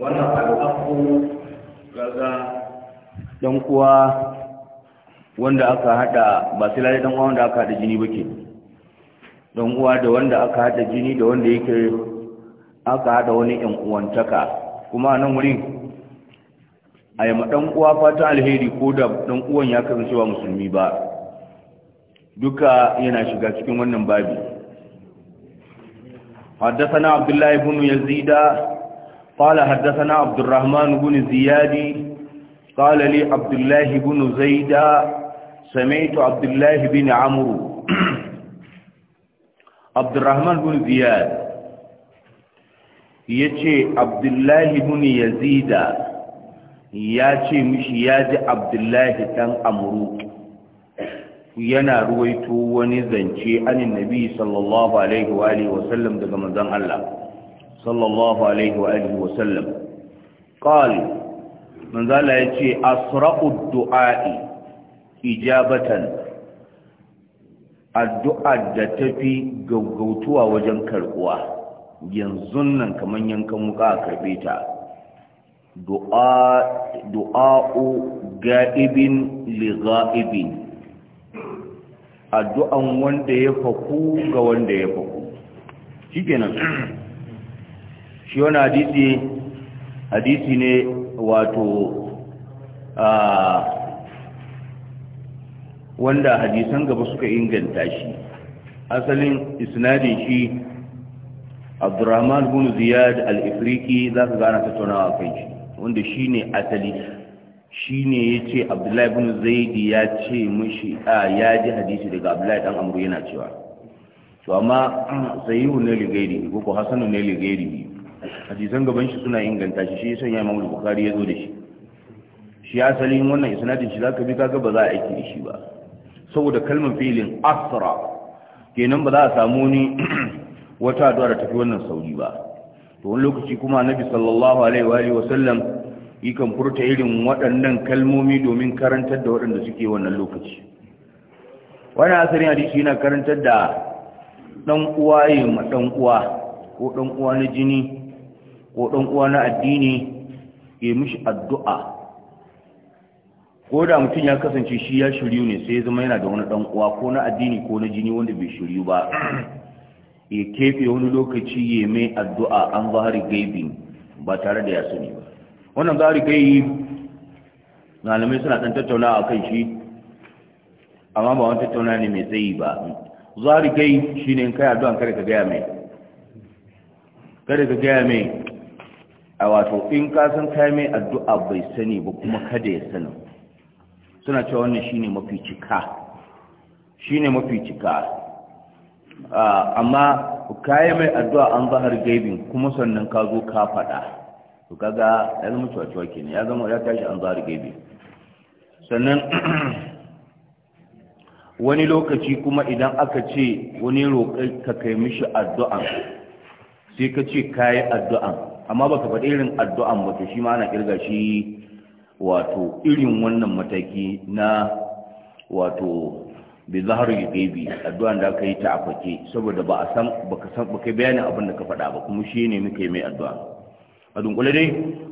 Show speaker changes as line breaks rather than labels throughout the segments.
wannan al'afu gaga dan kuwa wanda aka hada ba sai lalai don uwa wanda aka hada jini bake don uwa da wanda aka hada jini da wanda yake aka hada wani yan uwantaka kuma nan wurin a yi dan uwa fatan alheri ko da ɗan uwan ya kasancewa musulmi ba duka yana shiga cikin wannan babi حدثنا عبد الله بن يزيد قال حدثنا عبد الرحمن بن زياد قال لي عبد الله بن زيد سمعت عبد الله بن عمرو عبد الرحمن بن زياد yace Abdullahi ibn Yazida yace mishi yaji Abdullahi dan Amru yana ruwaito wani zance anin nabi sallallahu alaihi wa alihi wasallam daga manzon Allah sallallahu alaihi wa alihi wasallam qal manzon Allah yace asra'u du'a'i ijabatan addu'a da tafi gaggautuwa wajen karbuwa yanzu nan kaman yankan muka a karbe ta du'a du'a'u ga'ibin li ga'ibin addu'an wanda ya faku ga wanda ya faku shi kenan shi wani hadisi hadisi ne wato wanda hadisan gaba suka inganta shi asalin isnadin shi abdurrahman bin ziyad al-ifriki za ka gana tunawa kai shi wanda shi ne asali shi ne ya ce abdullahi bin zaidi ya ce mashi a ya ji hadisi daga abdullahi dan amru yana cewa to amma ah, sahihu ne ligairi ko ko hasanu ne ligairi hadisan gaban shi suna inganta shi shi ya ya imamu bukhari ya zo da shi shi asalin wannan isnadin shi ka bi kaga ba za a aiki da shi ba saboda kalmar filin asra kenan ba za a samu ni wata addu'a da tafi wannan sauri ba to wani lokaci kuma annabi sallallahu alaihi wa sallam ikan furta irin waɗannan kalmomi domin karantar da waɗanda suke wannan lokaci wani asirin hadisi yana karantar da ɗan uwa yi ma ɗan uwa ko ɗan uwa na jini ko ɗan uwa na addini ya mishi addu'a ko da mutum ya kasance shi ya shiryu ne sai zama yana da wani ɗan uwa ko na addini ko na jini wanda bai shiryu ba ya kefe wani lokaci ya mai addu'a an zahari gaibin ba tare da ya sani ba wannan gari kai malamai suna ɗan tattauna a kan shi amma ba wani tattauna ne mai tsayi ba zari kai shi ne kai addu'an kada ka gaya mai kada ka gaya mai a wato in ka san kai mai addu'a bai sani ba kuma kada ya sani suna cewa wannan shine mafi cika shine mafi cika ah, amma kai mai addu'a an zahar gaibin kuma sannan ka zo ka faɗa to kaga ya zama cuwa cewa kenan ya zama ya tashi an zari gebe sannan wani lokaci kuma idan aka ce wani roƙi ka kai mishi addu'an sai ka ce ka yi addu'a amma ba ka faɗi irin addu'an ba to shi ma ana kirga shi wato irin wannan mataki na wato bi zaharu gebe addu'an da aka yi ta afake saboda ba a san baka san kai bayanin abin da ka faɗa ba kuma shi ne muka yi mai addu'a a dunkule dai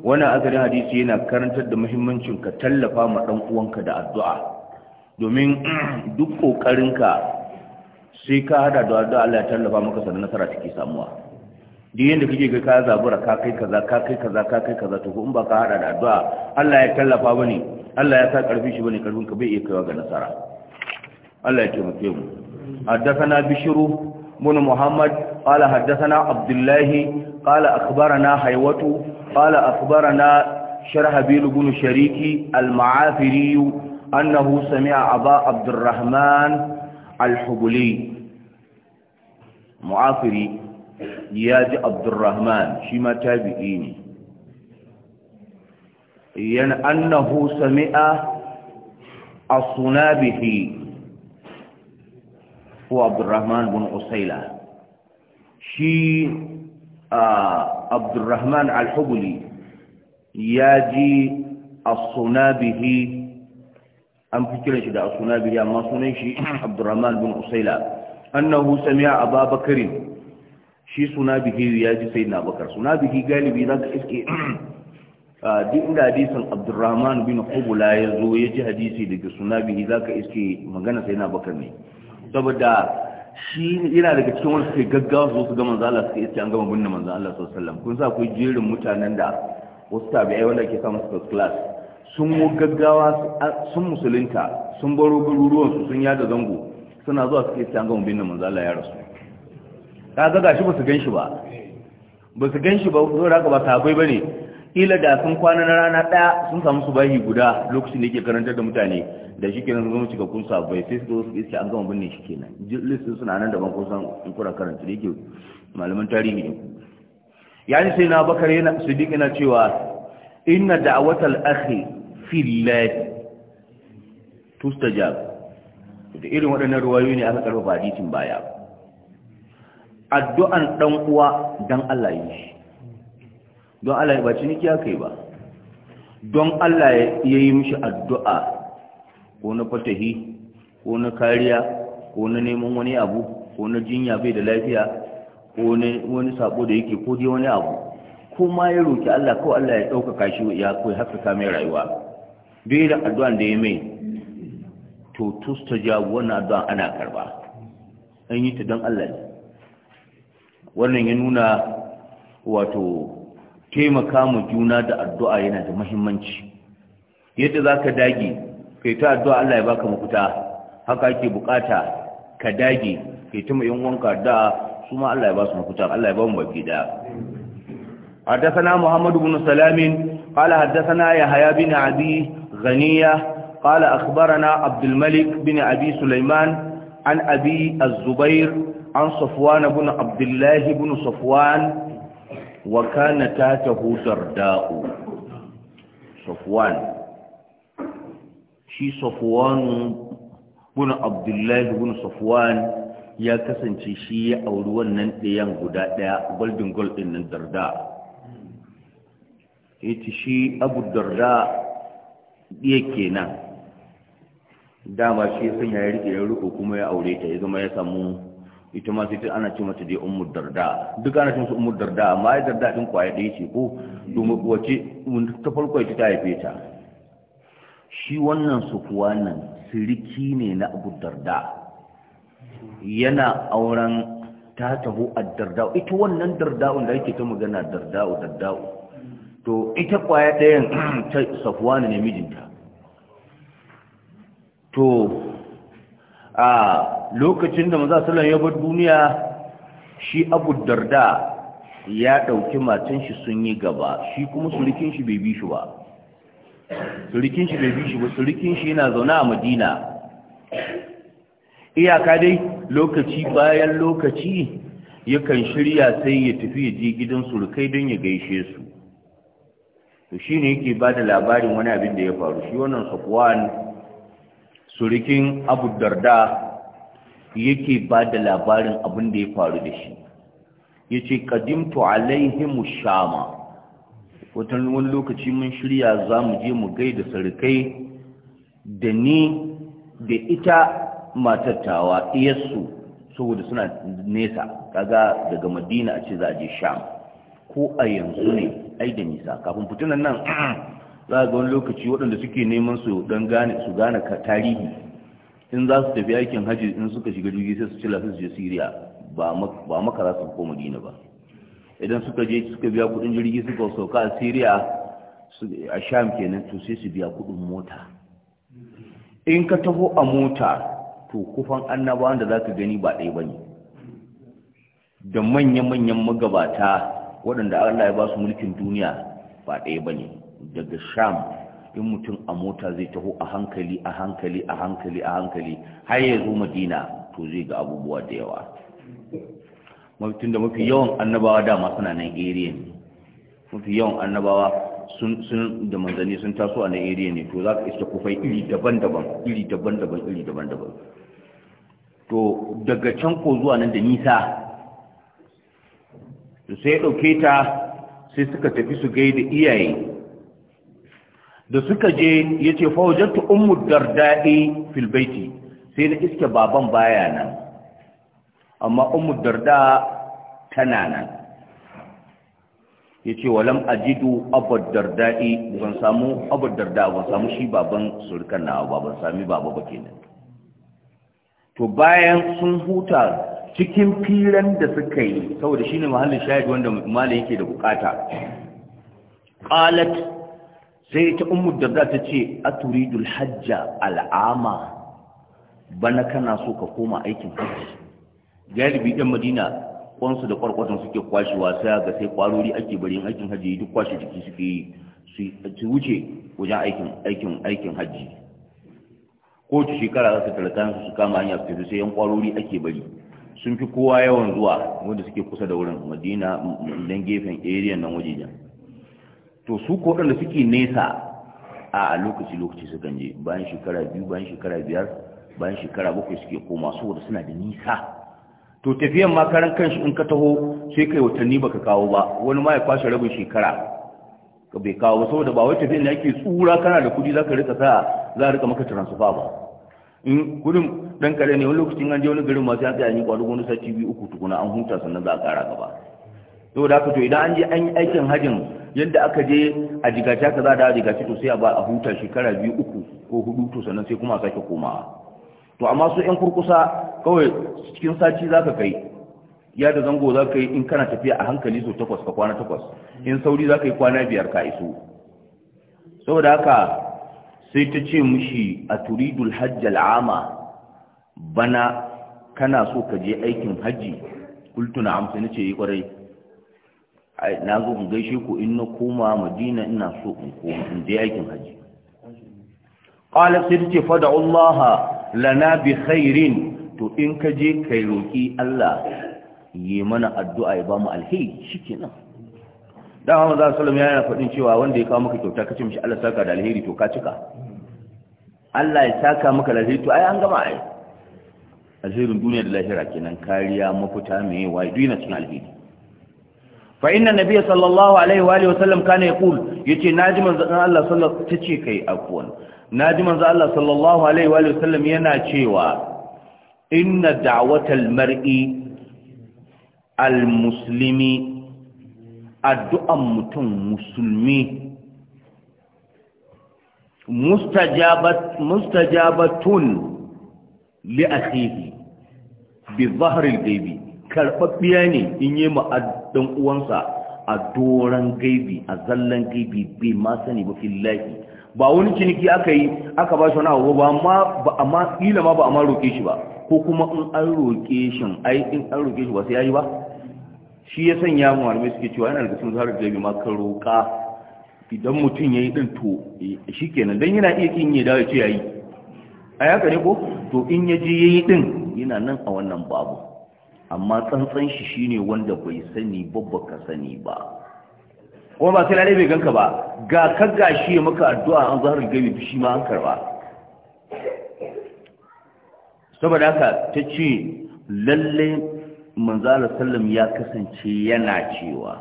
wannan asalin hadisi yana karantar da muhimmancin ka tallafa ma dan uwanka da addu'a domin duk ƙoƙarinka. sai ka hada da addu'a Allah ya tallafa maka sanin nasara take samuwa duk yanda kake ga ka zabura ka kai kaza ka kai kaza ka kai kaza to in ba ka hada da addu'a Allah ya tallafa bane Allah ya sa karfi shi bane karfin ka bai iya kaiwa ga nasara Allah ya taimake mu haddathana bishru بن محمد قال حدثنا عبد الله قال أخبرنا حيوة قال أخبرنا شرهبيل بن شريك المعافري أنه سمع أبا عبد الرحمن الحبلي معافري ياجي عبد الرحمن شما تابعيني ين أنه سمع الصنابحي Ko هو عبد الرحمن بن أسيلة شي عبد الرحمن الحبلي ياجي الصنابه an fi kiran shi da asuna bihi amma sunan shi Abdurrahman bin Usaila annahu sami'a Abu Bakr shi suna bihi ya ji sayyidina Bakar suna bihi galibi zaka iske duk inda hadisin Abdurrahman bin Hubula ya zo ya ji hadisi daga suna bihi zaka iske magana sayyidina Bakar ne saboda shi yana daga cikin wani suke gaggawa su su ga manzo Allah suka yace an gama binne manzo Allah sallallahu alaihi wasallam kun sa akwai jerin mutanen da wasu tabi'ai wanda ke samu first class sun mu gaggawa sun musulunta sun baro garuruwan su sun yada zango suna zuwa suka yace an gama binne manzo Allah ya rasu ka ga gashi ba su gan shi ba ba su gan shi ba zo da haka ba sahabbai bane ila da sun kwana na rana ɗaya sun samu su bahi guda lokacin da yake karantar da mutane da shi kenan zama cikakkun sabai sai su zo su iske an gama binne shi kenan listin suna nan da ko san in kura karanta da yake malaman tarihi ne yani sai na bakar yana siddiq yana cewa inna da'watal akhi fillah tustajab da irin waɗannan ruwayoyi ne aka karfafa hadisin baya addu'an dan uwa dan Allah yi shi don Allah ya baci niki aka yi ba don Allah ya yi mishi addu'a ko na fatahi ko na kariya ko na neman wani abu ko na jinya bai da lafiya ko wani sabo da yake ko dai wani abu ko ma ya roki Allah ko Allah ya ɗaukaka shi ya koyi haskaka mai rayuwa bai da addu'an da ya mai to tusta jawo wannan addu'an ana karba an yi ta don Allah ne wannan ya nuna wato taimaka mu juna da addu'a yana da muhimmanci yadda za ka dage kai ta addu'a Allah ya baka mafita haka ake bukata ka dage kai ta mai wanka addu'a, su Allah ya ba su mafita Allah ya ba mu baki da haddathana Muhammad ibn Salam qala haddathana Yahya bin Abi Ghaniya qala akhbarana Abd al-Malik bin Abi Sulaiman an Abi Az-Zubair an Safwan ibn Abdullah ibn Safwan wa kana hutar da'u Sofwan, shi safwan bin abdullahi bin Sofwan ya kasance shi ya auri wannan ɗayan guda ɗaya golden gold ɗin nan darda ita shi abu darda ɗaya kenan dama shi sun ya rike ya ruku, kuma ya aure ta ya zama ya samu ita ma sai ana ce mata dai ummu darda duk ana ce mata ummu darda amma ai darda din kwaya dai ce ko domin wace ta farko ita ta haife ta shi wannan sufuwa nan siriki ne na abu darda yana auren ta taho a darda ita wannan darda'un da yake ta magana darda'u darda to ita kwaya ɗayan ta safuwa ne mijinta to a lokacin da maza sallan ya bar duniya shi abu darda ya ɗauki matan shi sun yi gaba shi kuma surikin shi bai bi shi ba surikin shi bai bi shi ba surikin shi yana zaune a madina iyaka dai lokaci bayan lokaci yakan shirya sai ya tafi ya je gidan surukai don ya gaishe su to shine yake ba da labarin wani abin da ya faru shi wannan safwan surikin abu darda yake ba da labarin abin da ya faru da shi ya ce ƙadimtu alaihimu shama watan wani lokaci mun shirya za mu je mu gai da surukai? da ni da ita matattawa iyassu saboda suna nesa kaga daga madina a ce za a je sham ko a yanzu ne ai da nisa kafin fitunan nan za ga wani lokaci waɗanda suke neman su don gane su gane tarihi in za su tafi aikin hajji in suka shiga jirgi sai su ci lafi su je siriya ba maka za su ko madina ba idan suka je suka biya kudin jirgi suka sauka a siriya a sham kenan to sai su biya kuɗin mota in ka taho a mota to kufan annaba da za ka gani ba ɗaya ba ne da manya-manyan magabata waɗanda allah ya ba su mulkin duniya ba ɗaya ba ne daga sham in mutum a mota zai taho a hankali a hankali a hankali a hankali har ya zo madina to zai ga abubuwa da yawa mafitin da mafi yawan annabawa dama suna nan area ne mafi yawan annabawa sun da manzanni sun taso a nan area ne to za ka iska kufai iri daban-daban iri daban-daban iri daban-daban to daga can ko zuwa nan da nisa sai ya ɗauke ta sai suka tafi su gaida iyaye da suka je ya ce faujattu ummu darda'i fil baiti sai na iske baban baya nan amma ummu darda tana nan ya ce walam ajidu abar darda'i ban samu abar darda ban samu shi baban surkan na ba ban sami baba ba kenan to bayan sun huta cikin firan da suka yi saboda shine mahallin shahid wanda Mali yake da bukata qalat sai ta umar da za ta ce turidul hajja al'ama bana kana so ka koma aikin hajji galibi ɗan madina kwansu da kwarkwatan suke kwashewa wasa ga sai kwarori ake bari yin aikin hajji duk kwashe jiki suke yi su wuce wajen aikin aikin aikin hajji shekara za su talata su su kama hanya su tafi sai yan kwarori ake bari sun fi kowa yawan zuwa wanda suke kusa da wurin madina dan gefen area nan wajejen to su ko da suke nesa a lokaci lokaci su ganje bayan shekara biyu bayan shekara biyar bayan shekara bakwai suke koma saboda suna da nisa to tafiyan ma karan kanshi in ka taho sai kai watanni baka kawo ba wani ma ya kwashe rabin shekara ka bai kawo ba saboda ba wai tafiyan da ake tsura kana da kudi zaka rika sa za a rika maka transfer ba in kudin dan kare ne wani lokacin an je wani garin masu sai aka yi kwado gwamnati sati biyu uku tukuna an huta sannan za a kara gaba saboda haka to idan an je an yi aikin hajjin yadda aka je a jigace ka za da jigace to sai a ba a huta shekara biyu uku ko hudu to sannan sai kuma a sake komawa to amma su yan kurkusa kawai cikin sati za ka kai ya da zango za ka yi in kana tafiya a hankali so takwas ka kwana takwas in sauri za ka yi kwana biyar ka iso saboda haka sai ta ce mushi a turidul hajjal ama bana kana so ka je aikin hajji kultu na amsa ce yi eh, kwarai na zo in gaishe ku in na koma madina ina so in koma in je aikin haji qala sai ce fada Allah lana bi khairin to in ka je kai roki Allah yi mana addu'a ya ba mu alheri shikenan dan Muhammad sallallahu alaihi wasallam yana faɗin cewa wanda ya kawo maka kyauta ka ce mishi Allah saka da alheri to ka cika Allah ya saka maka da alheri to ai an gama ai alherin duniya da lahira kenan kariya mafita mai wai duniya cikin alheri fa inna nabiyya sallallahu alaihi wa alihi wasallam kana yaqul yace naji manzon yana cewa inna da'watal mar'i al-muslimi addu'an mutum musulmi mustajabat mustajabatun li akhihi bi dhahril ghaibi karbabbiya ne in yi ma dan uwansa a doran gaibi a zallan gaibi bai ma sani ba fillahi ba wani ciniki aka yi aka ba shi wani ba amma ba amma kila ma ba amma roke shi ba ko kuma in an roke shi ai in an roke shi ba sai yayi ba shi ya sanya mu malamai suke cewa yana daga cikin zarar gaibi ma kan roka idan mutum yayi din to eh, shi kenan dan yana iya kin ya dawo ya ce yayi a yaka ne ko to in ya je yayi ɗin, yana nan a wannan babu amma tsantsan shi shine wanda bai sani babba ka sani ba kuma ba sai lalai bai ganka ba ga ka gashi ya maka addu'a an zahar duk shi ma an karba saboda haka ta ce lalle manzala sallam ya kasance yana cewa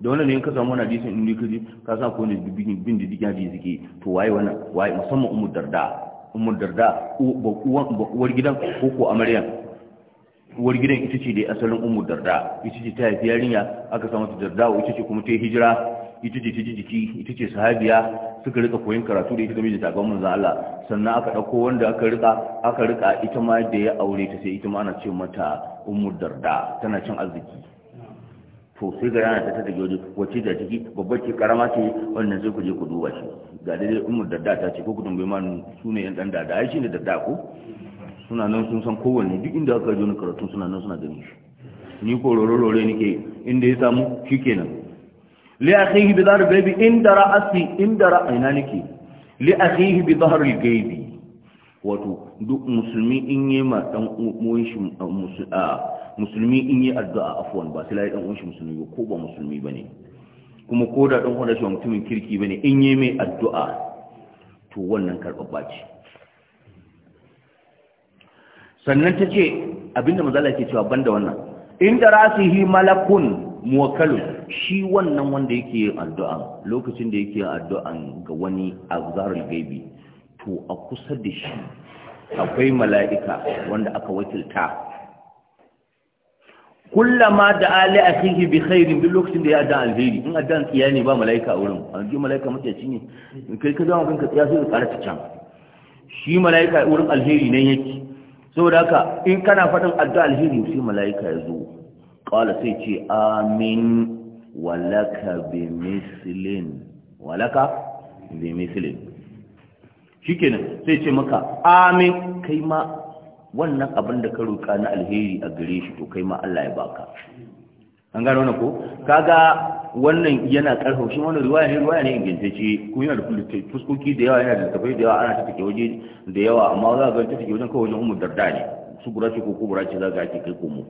da wannan ne ka samu wani hadisin inda kaji ka sa ko ne bin da dikin hadisi ke to waye wannan waye musamman ummu darda ummu darda uwar gidan ko amaryan uwar gidan ita ce dai asalin umu darda ita ce ta haifi yarinya aka samu ta darda ita ce kuma ta hijira ita ce ta jiki ita ce sahabiya suka rika koyon karatu da ita da mijinta ga manzon Allah sannan aka dauko wanda aka rika aka rika ita ma da ya aure ta sai ita ma ana ce mata umu darda tana cin arziki to sai ga yana ta ta waje wace da jiki babbar ce karama ce wannan sai ku je ku duba shi ga dai umu darda ta ce ko ku tambaye ma su ne yan dan da ai shi ne darda ko suna nan sun san kowanne duk inda aka ji wani karatu suna nan suna gani shi ni ko rore-rore nake inda ya samu shi kenan li akhihi bi dhahr dara inda in dara aina nake li akhihi bi dhahr al-gaybi wato duk musulmi in yi ma dan uwan shi musulmi in yi addu'a afwan ba sai dan uwan shi musulmi ba ko ba musulmi bane kuma ko da dan uwan shi mutumin kirki bane in yi mai addu'a to wannan karbabba ce sannan ta ce abinda mazala ke cewa banda wannan inda rasu yi malakun muwakkalu shi wannan wanda yake yin addu'a lokacin da yake yin addu'an ga wani a zarar gaibi to a kusa da shi akwai mala'ika wanda aka wakilta ma da ali akhihi bi khairin duk lokacin da ya da alheri in addan tsiya ne ba mala'ika a wurin a ji mala'ika mace ne kai ka zama kanka tsiya sai ka tsara ta can shi mala'ika a wurin alheri nan yake saboda haka in kana faɗin addu'a alheri shi mala'ika ya zo ƙwala sai ce amin walaka bi mislin walaka bi mislin sai ce maka amin kai ma wannan abin da ka roka na alheri a gare shi to kai ma Allah ya baka an gano na ko kaga wannan yana karfa shi wannan riwaya ne riwaya ne ingantacce kuma yana da fuskoki da yawa yana da tafai da yawa ana ta take waje da yawa amma za ga ta take wajen kawai wajen ummu darda ne su gura ce ko kubura ce za ga ake kai komo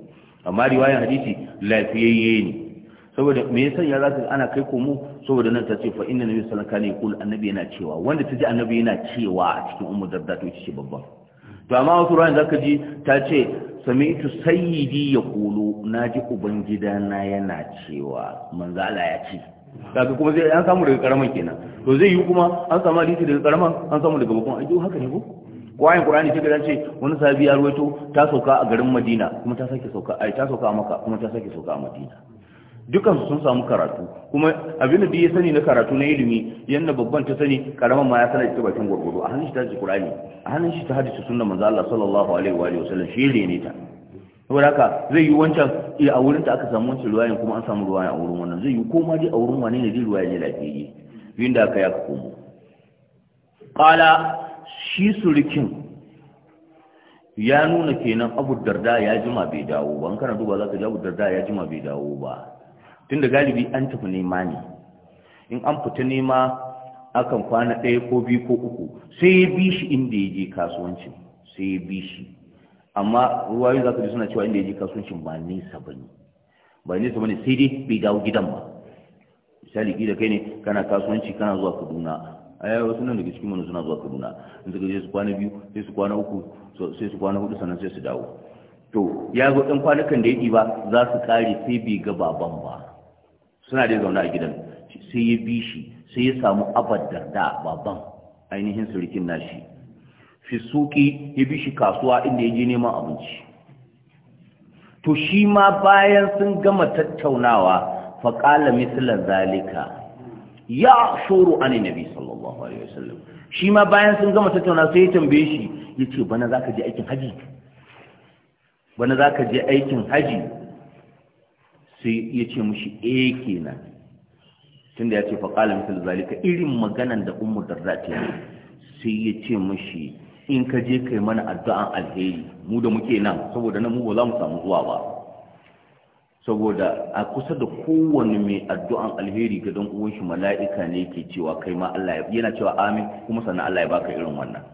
amma riwayan hadisi lafiyayye ne saboda me yasa ya zaka ana kai komo saboda nan ta ce fa inna nabi sallallahu alaihi wasallam annabi yana cewa wanda ta ji annabi yana cewa a cikin ummu darda to ce babban to amma wasu ruwan zaka ji ta ce sami'tu sayyidi yaqulu naji ubangidana yana cewa manzo Allah ya ce kaga kuma zai an samu daga karaman kenan to zai yi kuma an samu hadisi daga karaman an samu daga bakon ajo haka ne ko kwayan qur'ani ce da ce wani sahabi ya ruwaito ta sauka a garin Madina kuma ta sake sauka ai ta sauka a Makka kuma ta sake sauka a Madina dukan sun samu karatu kuma abin da ya sani na karatu na ilimi yanda babban ta sani karaman ma ya sanar ita bakin gurgudu a hannun shi ta Qur'ani a hannun shi ta hadisi sunna manzo Allah sallallahu alaihi wa alihi wasallam shi ne ta saboda haka zai yi wancan eh, a wurin ta aka samu wancan ruwayan kuma an samu ruwayan a wurin wannan zai yi koma dai a wurin wani ne dai ruwayan ne lafiyayye yin da aka yaka komo qala shi surikin ya nuna kenan abu darda ya jima bai dawo ba an kana duba za ka ji abu darda ya jima bai dawo ba tunda galibi an tafi nema ne in an fita nema akan kwana ɗaya ko biyu ko uku sai ya bi shi inda ya je kasuwancin sai ya bi shi amma ruwayoyi za ka ji suna cewa inda ya je kasuwancin ba nesa ba ne ba nesa ba ne sai dai bai dawo gidan ba misali gida kai ne kana kasuwanci kana zuwa kaduna ai wasu nan daga cikin mana suna zuwa kaduna in suka je su kwana biyu sai su kwana uku sai su kwana hudu sannan sai su dawo to ya zo ɗan kwanakan da ya ɗi ba, za su ƙare sai bai ga baban ba suna da zaune a gidan sai ya bi shi sai ya samu abar da baban ainihin surikin nashi fi suki ya bi shi kasuwa inda ya je neman abinci to shi ma bayan sun gama tattaunawa faƙala mislan zalika ya shuru ani nabi sallallahu alaihi wasallam shi ma bayan sun gama tattaunawa sai ya tambaye shi yace bana zaka je aikin haji bana zaka je aikin haji sai ya ce mushi eh kenan tunda ya ce fa qala zalika irin maganan da umu da ta yi sai ya ce mushi in ka je kai mana addu'an alheri mu da muke nan saboda nan mu ba za mu samu zuwa ba saboda a kusa da kowane mai addu'an alheri ga don uwan shi mala'ika ne ke cewa kai ma Allah ya yana cewa amin kuma sannan Allah ya baka irin wannan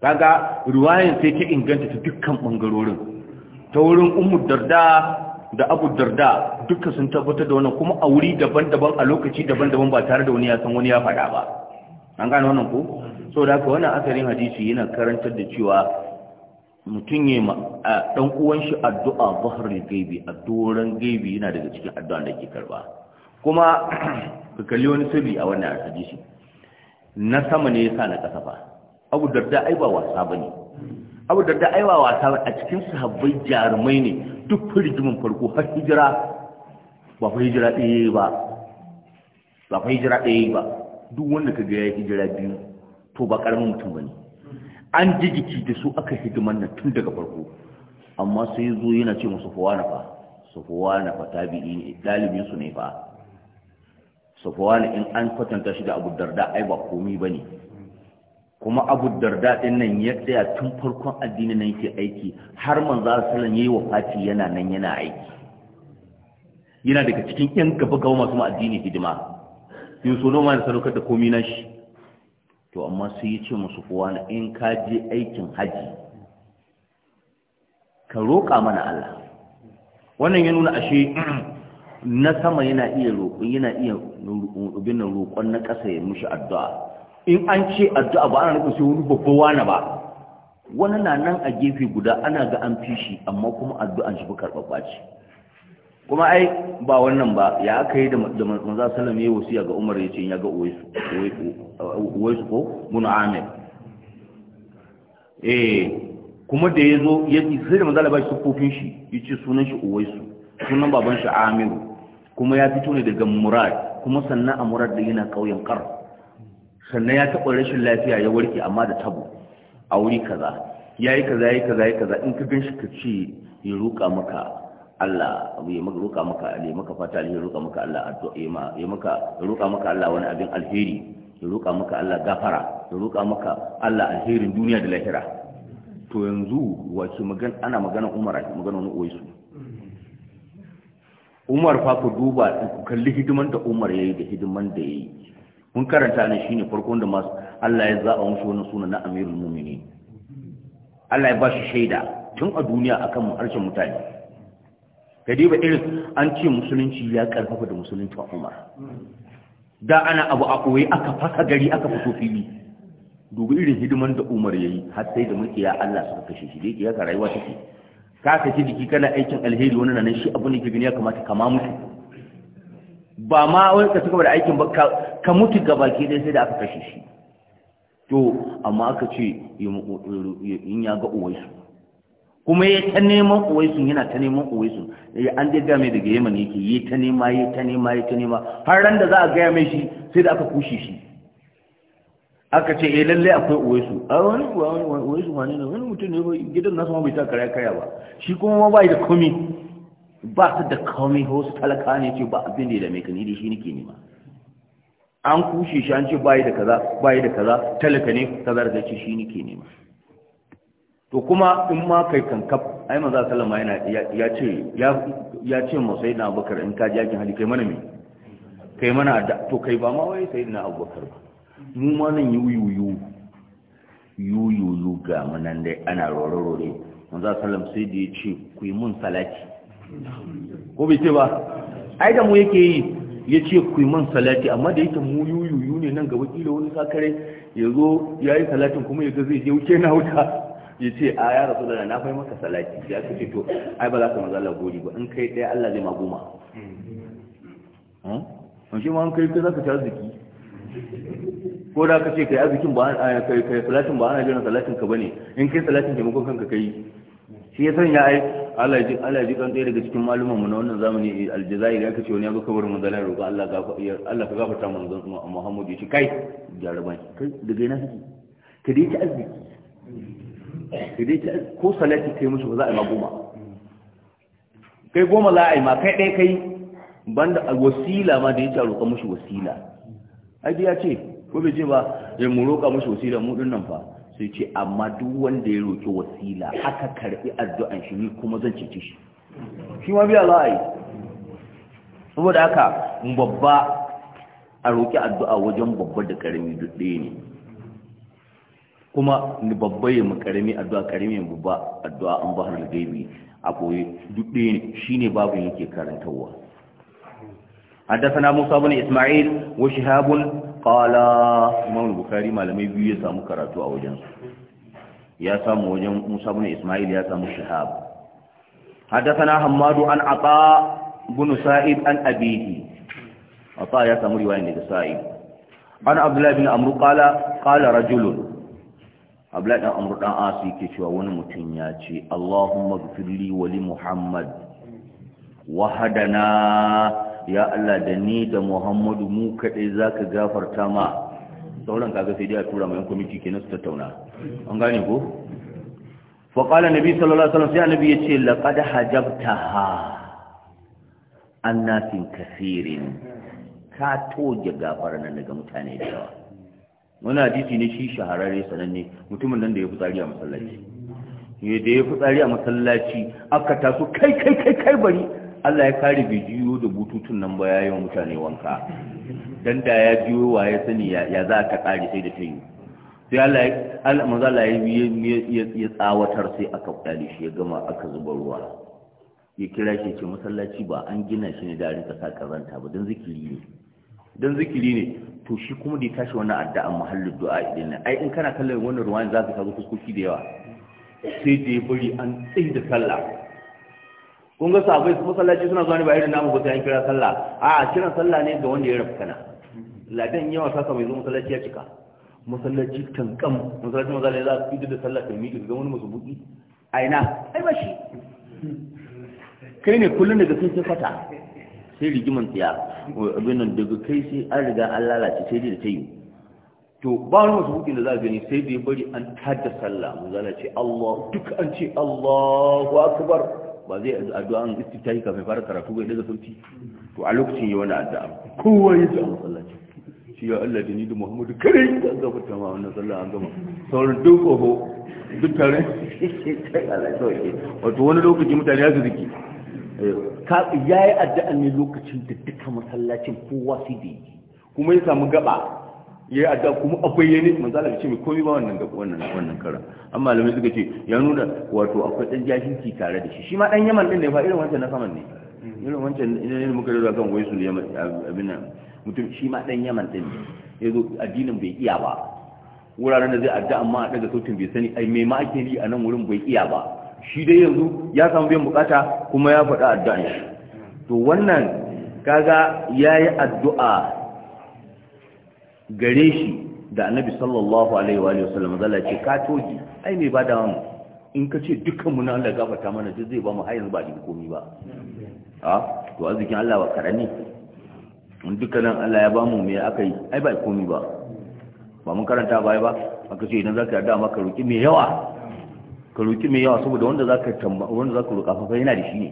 kaga ruwayan sai ta inganta ta dukkan bangarorin ta wurin ummu darda da abu darda duka sun tabbatar da wannan kuma a wuri daban-daban a lokaci daban-daban ba tare da wani ya san wani ya faɗa ba an gane wannan ko so da haka wannan asalin hadisi yana karantar da cewa mutum ya ma dan uwan shi addu'a zahrul gaibi addu'oran gaibi yana daga cikin addu'a da ke karba kuma ka kalli wani sirri a wannan hadisi na sama ne yasa na kasa ba abu darda ai ba wasa bane abu da aiwa wasa a cikin sahabbai jarumai ne duk firgimin farko har hijira ba fa hijira ɗaya ba ba fa hijira ɗaya ba duk wanda ka gaya ya hijira biyu to ba ƙaramin mutum ba ne an jigiki da su aka hidiman nan tun daga farko amma sai zo yana ce fowa na fa na fa biyi ne ɗalibin su ne fa na in an kwatanta shi da abu darda ai ba komai ne. kuma abu darda din nan ya tsaya tun farkon addini nan yake aiki har manzo sallan wa Fati yana nan yana aiki yana daga cikin yan gaba gaba masu ma addini hidima yin so noma da sadaukar da komai nashi to amma sai ya ce musu kowa na in ka je aikin haji ka roƙa mana Allah wannan ya nuna ashe na sama yana iya roƙon yana iya roƙon na ƙasa ya mushi addu'a in an ce addu'a ba ana nufin sai wani babba wani ba wani na nan a gefe guda ana ga an fi shi amma kuma addu'an shi fi karɓaɓɓa ce kuma ai ba wannan ba ya aka yi da manza salam ya yi wasiya ga umar ya ce ya ga uwaisu ko mun amir eh kuma da ya zo ya sai da manza labashi siffofin shi ya ce sunan shi uwaisu sunan baban shi amiru kuma ya fito ne daga murad kuma sannan a murad da yana ƙauyen kar sannan ya taɓa rashin lafiya ya warke amma da tabo a wuri kaza ya yi kaza ya yi kaza ya kaza in ka gan shi ka ce ya roƙa maka Allah abu ya maka roƙa maka ya maka fata ya roƙa maka Allah addu'a ya maka roƙa maka Allah wani abin alheri ya roƙa maka Allah gafara ya roƙa maka Allah alherin duniya da lahira to yanzu wace magana ana magana Umar ake magana wani su Umar fa ku duba ku kalli hidiman da Umar yayi da hidiman da yayi mun karanta ne shine farkon da masu Allah ya zaba musu wannan suna na amirul mumini Allah ya ba shi shaida tun a duniya akan kan harshen mutane Ka diba irin an ce musulunci ya karfafa da musulunci a Umar da ana abu a koyi aka fasa gari aka fito fili dubu irin hidiman da Umar yi, har sai da mulkiya Allah suka kashe shi dai ka rayuwa take ka saki jiki kana aikin alheri wani nan shi abu ne ke gani ya kamata kama mutu ba ma wani ka cigaba da aikin ba ka mutu gaba ke dai sai da aka kashe shi to amma aka ce in ya ga uwaisu kuma ya ta neman Uwaisu, yana ta neman Uwaisu. Eh, an dai game daga yaman yake ya ta nema ya ta nema ya ta nema har ran da za a gaya mai shi sai da aka kushe shi aka ce eh lalle akwai uwaisu a ah, wani uwaisu wani ne wani mutum ne gidan nasu ma bai ta kare kaya ba shi kuma ma bai da komi ba su da komai ko su talaka ne ce ba abin da ya dame ka ni da shi nake nema an kushe shi an ce bayi da kaza bayi da kaza talaka ne kaza da ce shi nake nema to kuma in ma kai kankaf ai manzo sallama yana ya ce ya ya ce mu da abubakar in ka ji yakin hali kai mana me kai mana to kai ba ma wai na abubakar ba mu ma nan yuyuyu yuyuyu ga mu nan dai ana rororore manzo sallam sai da ya ce ku yi mun salati ko bai ce ba ai da mu yake yi ya ce ku yi man salati amma da yake mu yuyuyu ne nan gaba kila wani sakare ya zo ya yi salatin kuma ya ga zai je wuce na wuta ya ce a ya rasu da na fai maka salati ya ce to ai ba za ka maza Allah gori ba in kai ɗaya Allah zai ma goma an hmm? shi ma an kai ka za ka ci arziki ko da ka ce kai arzikin ba kai salatin ba ana jiran salatin ka ne in kai salatin taimakon kanka kai
shi ya sanya ai Allah ji ji kan daga cikin malumin mu na
wannan zamani aljazairi aka ce wani ya ga kabar mu Allah roƙo Allah gafa Allah ka gafarta Muhammad ya ce kai jaraban kai daga ina kake ka dai ci arziki, ka dai ci ko salati kai musu ba za a yi ma goma kai goma za a yi ma kai ɗaya kai banda wasila ma da ya ce roƙa wasila ai ya ce ko bai je ba ya mu roƙa musu wasila mu ɗin nan fa sai ce amma duk wanda ya roƙi wasila aka karɓi addu'an shi ni kuma zan cece shi shi ma biya la'ayi saboda haka babba a roƙi addu'a wajen babba da ƙarami duk ne kuma ni babba ya mu ƙarami addu'a ƙarami ya babba addu'a an ba da gaibi a koyi duk ne shi ne babu yake karantarwa حدثنا موسى بن إسماعيل وشهاب qala imam bukhari malamai biyu ya samu karatu a wajen su ya samu wajen Musa ibn Isma'il ya samu shahab. hadathana Hammadu an Ata ibn Sa'id an abihi Ata ya samu riwaya daga Sa'id an Abdullah ibn Amru qala qala rajulun Abdullah ibn Amr dan Asi ke cewa wani mutum ya ce Allahumma ighfirli wa li Muhammad wa hadana ya Allah da ni da Muhammadu mu kaɗai za ka gafarta ma sauran kaga sai dai a tura mayan kwamiti kenan su tattauna an gane ko faƙala nabi sallallahu alaihi wasallam sai annabi ya ce ha, an annasin kasirin ka toge gafara nan daga mutane da yawa wani hadisi ne shi shahararre sananne mutumin nan da ya fitsari a masallaci ya da ya fitsari a masallaci aka taso kai kai kai kai bari Allah ya kare bai da bututun nan ba yayin mutane wanka dan da ya jiyo wa ya sani ya za ta kare sai da tayi sai Allah Allah manzo Allah ya ya tsawatar sai aka kudale shi ya gama aka zuba ruwa ya kira shi ce masallaci ba an gina shi ne da rika sa karanta ba dan zikiri ne dan zikiri ne to shi kuma da ya tashi wannan addu'a mahallin du'a idan nan ai in kana kallon wannan ruwan za ka ga kuskuki da yawa sai dai bari an tsaye da sallah kun ga sabai su masallaci suna zuwa ne ba irin namu ba sai an kira sallah a kira sallah ne ga wanda ya rabu kana ladan yawa saka mai zo masallaci ya cika masallaci tankam masallaci maza ne za su da sallah kai miki ga wani musubuki ina ai ba shi kai ne kullum daga sun sai fata sai rigiman tsiya abin nan daga kai sai an riga an lalace sai dai da ta yi to ba wani masubukin da za a gani sai da ya bari an tada sallah mu zana ce Allah duk an ce Allahu akbar ba zai addu'a an istiftahi kafin fara karatu ga daga sauti to a lokacin yi wani addu'a kowa yi da masallaci shi ya Allah da ni da Muhammadu kare yi da gaba ta ma wannan sallah an gama sauran duk oho duk tare wato wani lokaci mutane ya su ziki eh, ya yi addu'a ne lokacin da duka masallacin kowa su da yi kuma ya samu gaba yayi adda kuma akwai yanayi mai Allah ce mai komi ba wannan gaba wannan wannan karan malamai suka ce ya nuna wato akwai ɗan jahilci tare da shi shi ma ɗan Yaman ɗin ne fa irin wancan na saman ne irin wancan ne muka rura kan waisu Yaman abin nan mutum shi ma ɗan Yaman ɗin ne zo addinin bai iya ba wuraren da zai adda amma a daga sautin bai sani ai me ma ake yi a nan wurin bai iya ba shi dai yanzu ya samu biyan bukata kuma ya faɗa addu'a to wannan kaga yayi addu'a gare shi da annabi sallallahu alaihi wa sallam zalla ce ka toji ai mai bada mu in ka ce dukkan mu na Allah gafarta mana duk zai ba mu hayin ba din komi ba a to azikin Allah ba karani in dukkanin Allah ya ba mu me aka yi ai ba komai ba ba mun karanta ba ba aka ce idan zaka yarda maka roki mai yawa ka roki mai yawa saboda wanda zaka tamba wanda zaka roka fa yana da shi ne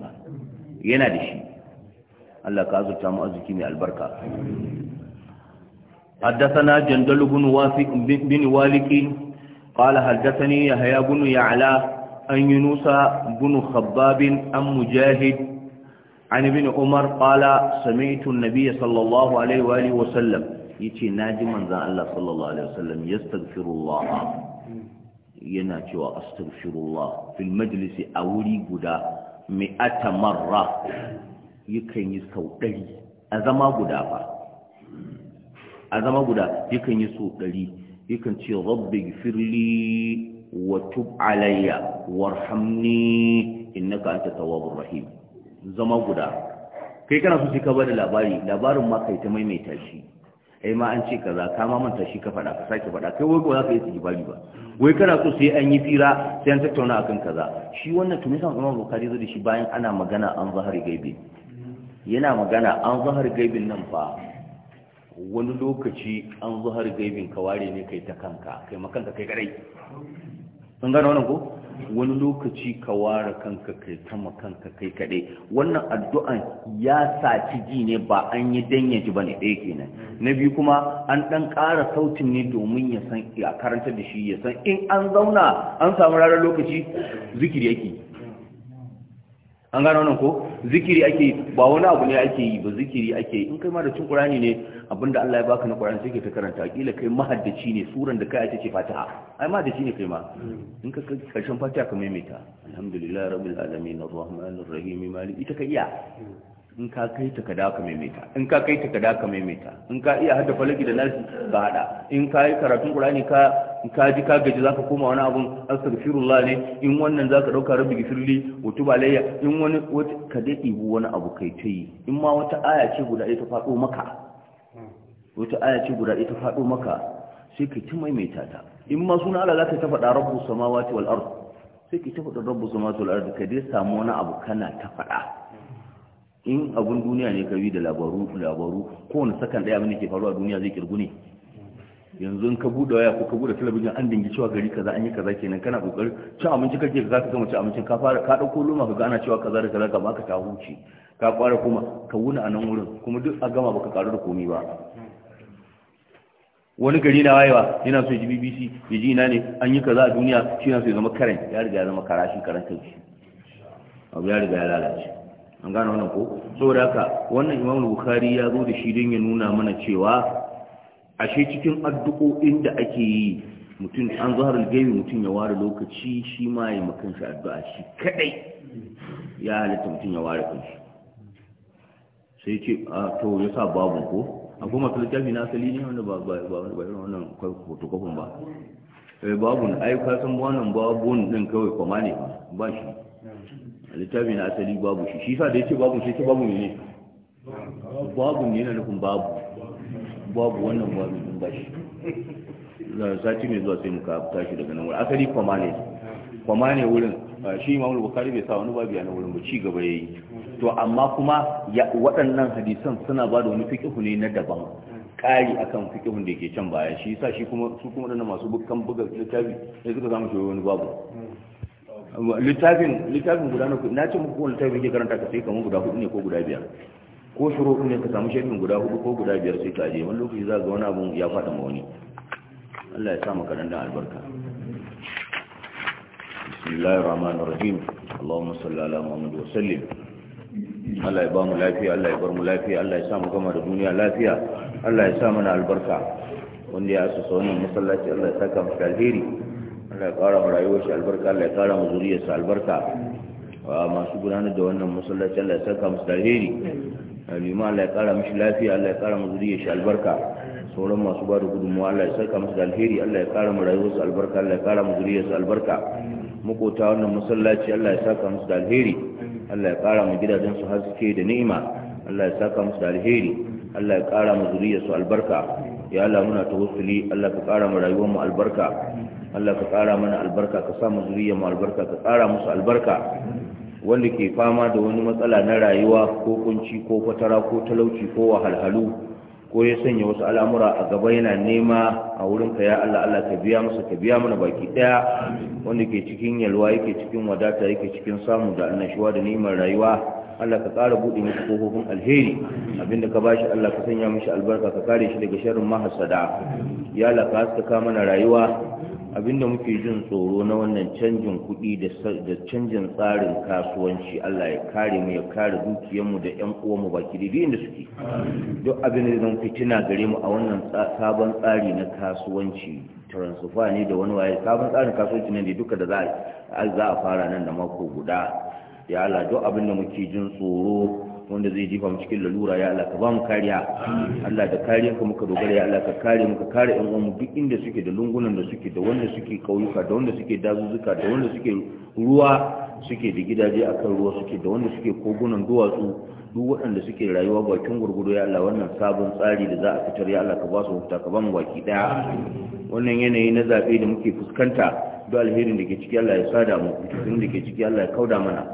yana da shi Allah ka azurta mu azuki mai albarka حدثنا جندل بن واثق بن والك قال حدثني يحيى بن يعلى أن يونس بن خباب أم مجاهد عن ابن عمر قال سمعت النبي صلى الله عليه وآله وسلم يتي ناجي من ذا الله صلى الله عليه وسلم يستغفر الله يناتي وأستغفر الله في المجلس أولي قدا مئة مرة يكن يستوطري أذما قدا فا a zama guda yakan yi so ɗari yakan ce rabbi firli wa tub alayya warhamni innaka anta tawwabur rahim zama guda kai kana so sai ka bada labari labarin ma kai ta maimaita shi ai ma an ce kaza ka ma manta shi ka faɗa ka sake faɗa kai wai ko za ka yi tijibari ba wai kana so sai an yi fira sai an tattauna akan kaza shi wannan tuni san Imam Bukhari zai da shi bayan ana magana an zahar gaibi yana magana an zahar gaibin nan fa wani lokaci an zuhar gaibin kaware ne kai ta kanka kai makanka kai kadai sun gano wannan ko wani lokaci ka ware kanka kai ta makanka kai kadai wannan addu'an ya saci ji ne ba an yi danya ji bane ɗaya kenan na biyu kuma an dan ƙara sautin ne domin ya san ya karantar da shi ya san in an zauna an samu rarar lokaci zikiri yake an gano wannan ko zikiri ake ba wani abu ne ake yi ba zikiri ake in kai ma da cin qur'ani ne abinda Allah ya baka na qur'ani sai ka karanta kila kai mahaddaci ne suran da kai ake ce fatiha ai mahaddaci ne kai ma in ka karshen fatiha ka maimaita alhamdulillahi rabbil alamin arrahmanir rahim maliki ita ka iya in ka kai ta kada ka maimaita in ka kai ta kada ka maimaita in ka iya hada falaki da nasi ba hada in ka yi karatun qur'ani ka ka ji ka gaji zaka koma wani abun astaghfirullah ne in wannan zaka dauka rabbi gifirli wato tuba alayya in wani wata ka dai ibu wani abu kai ta yi in ma wata aya ce guda ita fado maka wata aya ce guda ita fado maka sai ka ci maimaita ta in ma suna Allah zaka ta fada rabbus samawati wal ard sai ka ta fada rabbus samawati wal ard ka dai samu wani abu kana ta fada in abun duniya ne bi da labaru labaru kowane sakan daya abin da ke faruwa duniya zai kirgu ne yanzu in ka bude waya ko ka bude talabijin an dingi cewa gari kaza an yi kaza kenan kana kokarin cin abinci kake kaza ka gama cin abincin ka fara ka dauko loma ka gana ana cewa kaza da kaza ka baka ta huce ka fara kuma ka wuna a nan wurin kuma duk a gama baka karu da komai ba wani gari na wayewa yana so ya ji BBC ya ji ina ne an yi kaza a duniya shi yana so ya zama karen ya riga ya zama karashi karantar kai abu ya riga ya lalace an gane wannan ko saboda haka wannan imamu bukhari ya zo da shi don ya nuna mana cewa ashe cikin addu'o'in da ake yi mutum an zahar gaibi mutum ya ware lokaci shi ma ya makan shi addu'a shi kadai ya halitta mutum ya ware kanshi sai ce a ah, to ya sa babu ko akwai masu littafi na asali ne wanda ba ba ba ba irin wannan fotokofin ba eh, babu babun ai ka san wannan babun din kawai kwama ne ba shi littafi na asali babu shi shi sa da yake babu shi ta babu ne babu ne na nufin babu babu wannan babu din ba shi sati mai zuwa sai muka tashi daga nan wurin asali kwama ne kwama ne wurin shi imam bukari bai sa wani babu yana wurin ba ci gaba yayi to amma kuma waɗannan hadisan suna ba da wani fiqhu ne na daban kari akan fikihun da ke can baya shi sa shi kuma su kuma na masu bukkan buga littafi sai suka samu shi wani babu littafin littafin guda naku na ce muku littafin ke karanta ka sai kamar guda hudu ne ko guda biyar ko shiro ne ka samu shirin guda hudu ko guda biyar sai ka je wani lokaci za ga wani abu ya fada ma wani Allah ya sa karanta albarka bismillahir rahmanir rahim Allahumma salli ala Muhammad wa sallim Allah ya ba mu lafiya Allah ya bar mu lafiya Allah ya sa mu gama da duniya lafiya Allah ya sa mana albarka wanda ya asusa wannan masallaci Allah ya saka mu alheri Allah ya ƙara wa rayuwar shi albarka Allah ya ƙara wa sa albarka wa masu gudanar da wannan masallaci Allah ya saka musu alheri alima Allah ya ƙara mishi lafiya Allah ya ƙara wa zuriyar shi albarka sauran masu ba da gudunmawa Allah ya saka musu alheri Allah ya ƙara wa sa albarka Allah ya ƙara wa sa albarka makota wannan masallaci Allah ya saka musu alheri Allah ya ƙara mu gidajen su haske da ni'ima Allah ya saka musu alheri Allah ya ƙara mu su albarka ya Allah muna tawassuli Allah ka kara mana rayuwar mu albarka Allah ka ƙara mana albarka ka sa mu zuriya mu albarka ka kara musu albarka wanda ke fama da wani matsala na rayuwa ko kunci ko fatara ko talauci ko wahalhalu
ko ya sanya wasu al'amura a gaba yana nema a wurin ka ya Allah Allah ka biya masa ka biya mana baki daya wanda ke cikin yalwa yake cikin wadata yake cikin samu da
annashuwa da neman rayuwa Allah ka ƙara buɗe masa kofofin alheri abinda ka bashi Allah ka sanya mishi albarka ka kare shi daga sharrin mahasada ya la ka ka mana rayuwa abinda muke jin tsoro na wannan canjin kuɗi da canjin tsarin kasuwanci Allah ya kare mu ya kare dukiyarmu da ƴan uwanmu baki da inda suke duk abin da zan fitina gare mu a wannan sabon tsari na kasuwanci transfer ne da wani waye sabon tsarin kasuwanci ne duka da za a fara nan da mako guda ya Allah duk abin da muke jin tsoro wanda zai jifa mu cikin lalura ya Allah ka ba mu kariya Allah da kariya ka muka dogara ya Allah ka kare muka kare ɗan uwan mu duk inda suke da lungunan da suke da wanda suke kauyuka da wanda suke dazuzzuka da wanda suke ruwa suke da gidaje akan ruwa suke da wanda suke kogunan duwatsu duk waɗanda suke rayuwa bakin gurgudu ya Allah wannan sabon tsari da za a fitar ya Allah ka ba su hukunta ka ba mu baki daya wannan yanayi na zabe da muke fuskanta duk alherin da ke ciki Allah ya sada mu fitinin da ke ciki Allah ya kauda mana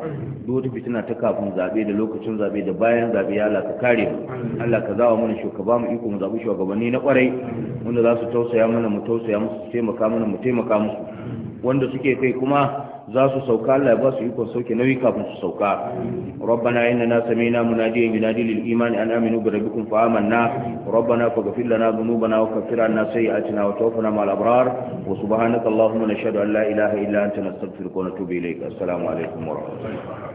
duk wata fitina ta kafin zabe da lokacin zabe da bayan zabe ya Allah ka kare mu Allah ka zawa mana shugaba mu iko mu zabi shugabanni na kwarai wanda za su tausaya mana mu tausaya musu su taimaka mana mu taimaka musu wanda suke kai kuma za su sauka Allah ya ba su ikon sauke nauyi kafin su sauka rabbana inna sami'na munadiyan yunadi lil imani an aminu bi rabbikum fa amanna rabbana faghfir lana dhunubana wa kaffir anna sayi'atina wa tawaffana ma'al abrar wa subhanaka allahumma nashhadu an la ilaha illa anta nastaghfiruka wa natubu ilayk assalamu alaikum wa rahmatullahi